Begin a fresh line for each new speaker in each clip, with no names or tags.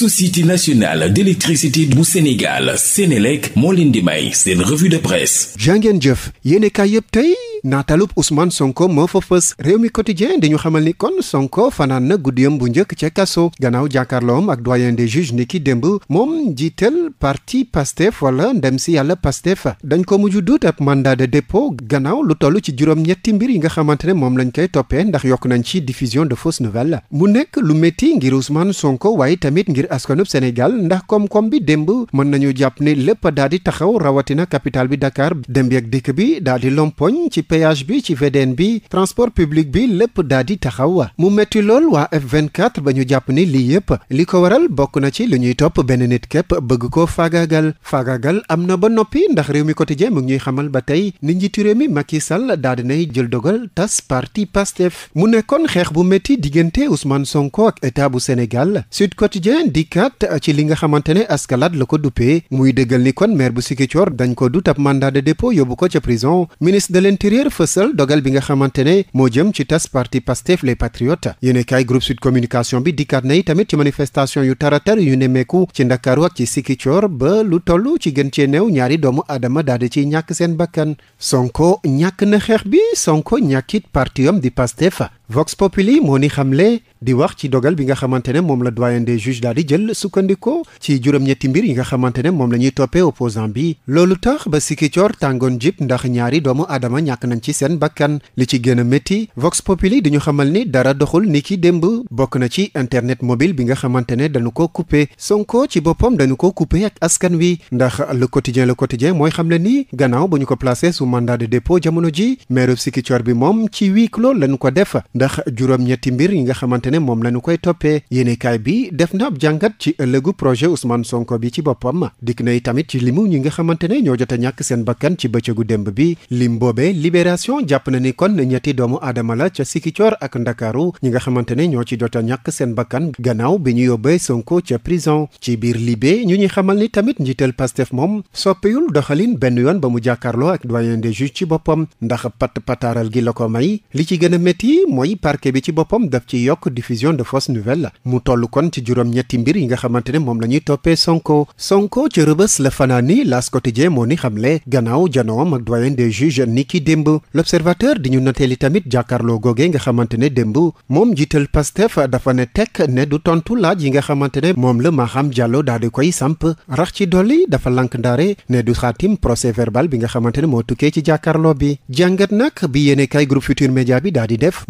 société nationale d'électricité bu Sénégal Sénélec moo leen di may seen revue de presse. jàngeen jëf yéen kaay yëpp tey. naatalub Ousmane Sonko moo fa fës réew mi quotidien di ñu xamal ni kon Sonko fanaan na guddiyam bu njëkk ca kaso gannaaw jàkkaarloom ak doyen des juges ni ki démb moom jiital parti Pastef wala ndem si yàlla Pastef dañ ko mujj duut ab mandat de dépôt gannaaw lu toll ci juróom-ñetti mbir yi nga xamante ne moom lañ koy toppee ndax yokk nañ ci diffusion de fausses nouvelles mu nekk lu métti ngir Ousmane Sonko waaye tamit ngir askanub Sénégal ndax koom bi démb mën nañu jàpp ne lépp daal di taxaw rawatina capital bi Dakar démb ak dikk bi daal di lompoñ péage bi ci VDN bi transport public bi lépp daa di taxaw mu metti lool waa F24 ba ñu jàpp ni lii yëpp li ko waral bokk na ci lu ñuy topp benn nit képp bëgg ko faagaagal faagaagal am na ba noppi ndax réew mi quotidien mu ngi ñuy xamal ba tey ni njiitu réew mi Macky Sall daa dinay jël dogal tas parti PASTEF mu nekkoon xeex bu métti diggante Ousmane Sonko ak état bu Sénégal Sud Quotidien dikkaat ci li nga xamante ne askalaat la ko duppee muy dëggal ni kon maire bu Sikicoor dañ ko dut ab mandat de ko ca L'Observateur fësal dogal bi nga xamante ne moo jëm ci tas parti Pastef les Patriotes yéene kaay groupe Sud Communication bi dikkaat na yi tamit ci manifestation yu taratar yu nemmeeku ci Ndakaaru ak ci Sikicoor ba lu tollu ci gën cee neew ñaari doomu aadama daal di ciy ñàkk seen bakkan Sonko ñàkk na xeex bi Sonko ñàkkit parti am di Pastef Vox Populi moo ni xamle di wax ci dogal bi nga xamante ne moom la doyen des juges daal di jël sukkandikoo ci juróom-ñetti mbir yi nga xamante ne moom la ñuy toppee opposant bi loolu tax ba Sikicoor tàngoon jib ndax ñaari doomu aadama ñàkk nañ ci seen bakkan li ci gën a métti Vox Populi di ñu xamal ni dara doxul ni ki démb bokk na ci internet mobile bi nga xamante ne dañu ko kuppee Sonko ci boppam dañu ko coupé ak askan wi ndax le quotidien le quotidien mooy xam le ni gannaaw bu ñu ko placé sous mandat de dépôt jamono ji meeru Sikicoor bi moom ci huis clos lañu ko def ndax juróom-ñetti mbir yi nga xamante ne moom la koy toppee yéenekaay bi def na ab jàngat ci ëllëgu projet Ousmane Sonko bi ci boppam dikk nay tamit ci limu ñi nga xamante ne ñoo jot a ñàkk seen bakkan ci bëccëgu démb bi lim boobee libération jàpp na ni kon ñetti doomu aadama la ca Sikicoor ak Ndakaaru ñi nga xamante ne ñoo ci jot a ñàkk seen bakkan gannaaw bi ñu yóbbee Sonko ca prison ci biir libe ñu ñuy xamal ni tamit njiital Pastef moom soppewul doxalin benn yoon ba mu jàkkaarloo ak doyen des ci boppam ndax pat pataaral gi la ko may li ci gën a métti mooy parquet bi ci boppam daf ci yokk diffusion de fausses nouvelles mu toll kon ci juróom-ñetti mbir yi nga xamante ne moom la ñuy toppee Sonko Sonko ci rëbës la fanaani L'As Quotidien moo ni xamle gannaaw janoom ak doyen des juges ni ki démb L'Observateur di ñu noteeli tamit jàkkaarloo googee nga xamante ne démb moom jiital Pastef dafa ne tekk ne du tontu laaj yi nga xamante ne moom la xam Diallo daal di koy samp rax ci dolli dafa lank ndaare ne du xaatim procès verbal bi nga xamante ne moo tukkee ci jàkkaarloo bi jàngat nag bi yéene kay groupe Média bi daal di def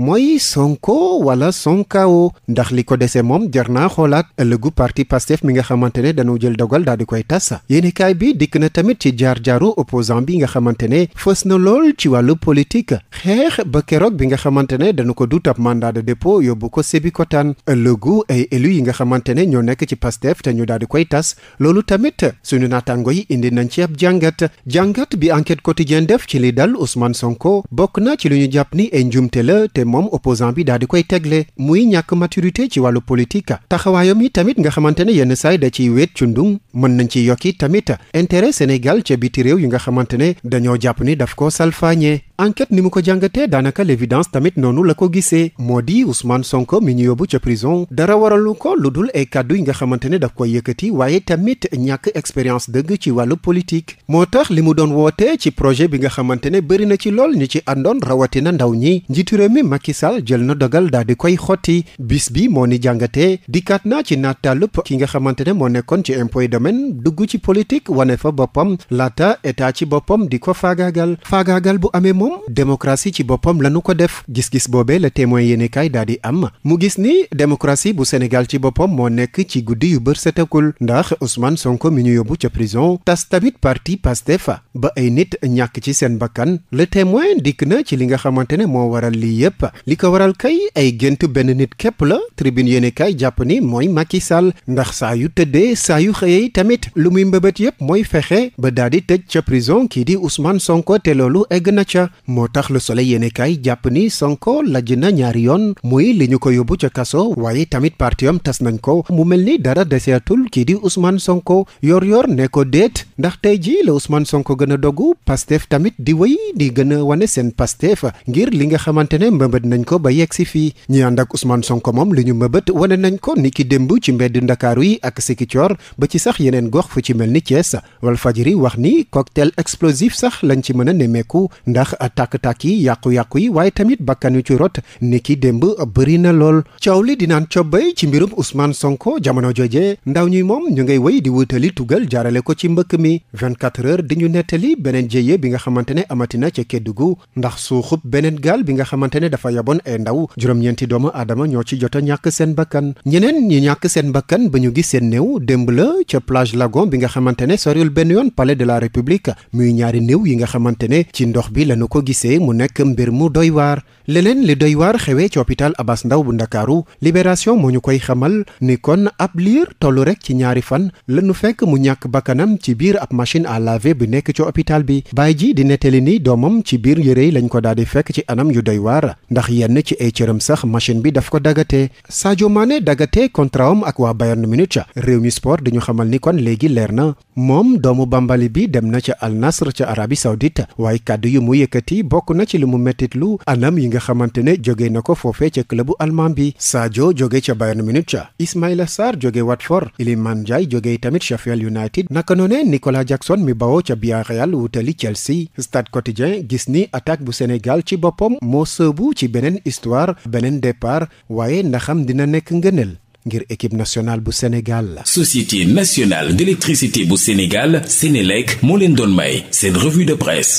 CEDEAO ndax li ko dese moom jar naa xoolaat ëllëgu parti Pastef mi nga xamante ne dañoo jël dogal daal di koy tas yéenekaay bi dikk na tamit ci jaar-jaaru opposant bi nga xamante ne fës na lool ci wàllu politique xeex ba keroog bi nga xamante ne dañu ko duut ab mandat de dépôt yóbbu ko sebi Sébikotane ëllëgu ay élu yi nga xamante ne ñoo nekk ci Pastef te ñu daal di koy tas loolu tamit suñu naataango yi indi nañ ci ab jàngat jàngat bi enquête quotidienne def ci li dal Ousmane Sonko bokk na ci lu ñu jàpp la ñàkk maturité ci wàllu politique taxawaayam yi tamit nga xamante ne yenn saay da ciy wéet cundung mën nañ ci yokki tamit intérêt Sénégal ca biti réew yi nga xamante ne dañoo jàpp ni daf ko salfaañee enquête ni mu ko jàngatee daanaka l'évidence tamit noonu la ko gisee moo di Ousmane Sonko mi ñu yóbbu ca prison dara waralu ko lu dul ay kàddu yi nga xamante ne daf ko yëkkati waaye tamit ñàkk expérience dëgg ci wàllu politique moo tax li mu doon wootee ci projet bi nga xamante ne bëri na ci lool ñi ci àndoon rawatina ndaw ñi njiitu réew mi Macky Sall jël na dogal daal di koy xotti bis bi moo ni jàngatee dikkaat naa ci naataalup ki nga xamante ne moo nekkoon ci impôt domaine dugg ci politique wane fa boppam laata état ci boppam di ko nañu démocratie ci boppam lañu ko def gis-gis boobee la témoin yéenekaay daal di am mu gis ni démocratie bu Sénégal ci boppam moo nekk ci guddi yu bër setakul ndax Ousmane Sonko mi ñu yóbbu ca prison tas tamit parti Pastef ba ay nit ñàkk ci seen bakkan le temoin dikk na ci li nga xamante ne moo waral lii yépp li ko waral kay ay gént benn nit képp la tribune yéenekaay jàpp ni mooy Macky Sall ndax saa yu tëddee saa yu xëyee tamit lu muy mbëbët yépp mooy fexe ba daal kii di moo tax le soleil yéenekaay jàpp ni Sonko lajj na ñaari yoon muy li ñu ko yóbbu ca kaso waaye tamit partiyam tas nañ ko mu mel ni dara deseetul kii di Ousmane Sonko yor yor ne ko déet ndax tey ji la Ousmane Sonko gën a dogu Pastef tamit di wéy di gën a wane seen Pastef ngir li nga xamante ne mbëbët nañ ko ba yegg si fii ñi ànd ak Ousmane Sonko moom li ñu mbëbët wane nañ ko ni ki démb ci mbedd Ndakaaru yi ak Sikicoor ba ci sax yeneen gox fu ci mel ni Thiès Walfadjri wax ni cocktail explosif sax lañ ci mën a nemmeeku tàkk-tàkk yi yàqu-yàqu yi waaye tamit bakkan yu ci rot ni ki démb bëri na lool coow li naan cobbay ci mbirum Ousmane Sonko jamono jooje ndaw ñi moom ñu ngay wéy di wutali tugal jaarale ko ci mbëkk mi 24 heures di ñu nettali beneen jéye bi nga xamante ne amatina ca Kédougou ndax suuxub beneen gaal bi nga xamante ne dafa yaboon ay ndaw juróom-ñeenti doomu aadama ñoo ci jot a ñàkk seen bakkan ñeneen ñi ñàkk seen bakkan ba ñu gis seen néew démb la ca plage lagon bi nga xamante ne soriwul benn yoon palais de la république muy ñaari yi nga xamante ne ci ndox bi lañu ko gisee mu nekk mbir mu doy waar leneen li doy waar xewee ci hôpital Abass ndaw bu ndakaaru libération moo ñu koy xamal ni kon ab liir tollu rek ci ñaari fan lañu fekk mu ñàkk bakkanam ci biir ab machine à lave bi nekk ci hôpital bi baay ji di nettali ni doomam ci biir yëre yi lañ ko daal di fekk ci anam yu doy waar ndax yenn ci ay cëram sax machine bi daf ko dagate Sadio Mané dagate contrat am ak waa Bayern Munich réew mi sport dañu xamal ni kon léegi leer na moom doomu Bambali bi dem na ca Al Nasr jàngkat yi bokk na ci li mu mettit lu anam yi nga xamante ne jóge na ko foofee ca clubu allemand bi Sadio jóge ca Bayern Munich ca Ismaïla Sarr jóge Watford Iliman Ndiaye jóge tamit Sheffield United naka noone Nicolas Jackson mi bawoo ca Villarreal wutali Chelsea Stade Quotidien gis ni attaque bu Sénégal ci boppam moo sëbu ci beneen histoire beneen départ waaye ndaxam dina nekk ngëneel ngir équipe nationale bu Sénégal. Société nationale d'électricité bu Sénégal Sénélec moo leen doon may seen revue de presse.